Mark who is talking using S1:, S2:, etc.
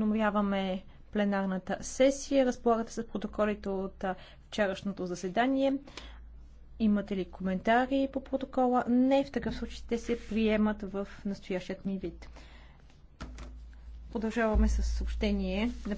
S1: Наморяваме пленарната сесия. Разполагате с протоколите от вчерашното заседание. Имате ли коментари по протокола? Не, в такъв случай те се приемат в настоящият ми вид. Продължаваме с
S2: съобщение на